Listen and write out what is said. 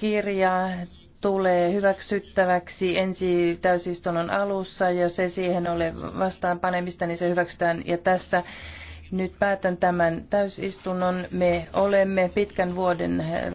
kirja tulee hyväksyttäväksi ensi täysistunnon alussa. Jos ei siihen ole vastaan panemista, niin se hyväksytään. Ja tässä nyt päätän tämän täysistunnon. Me olemme pitkän vuoden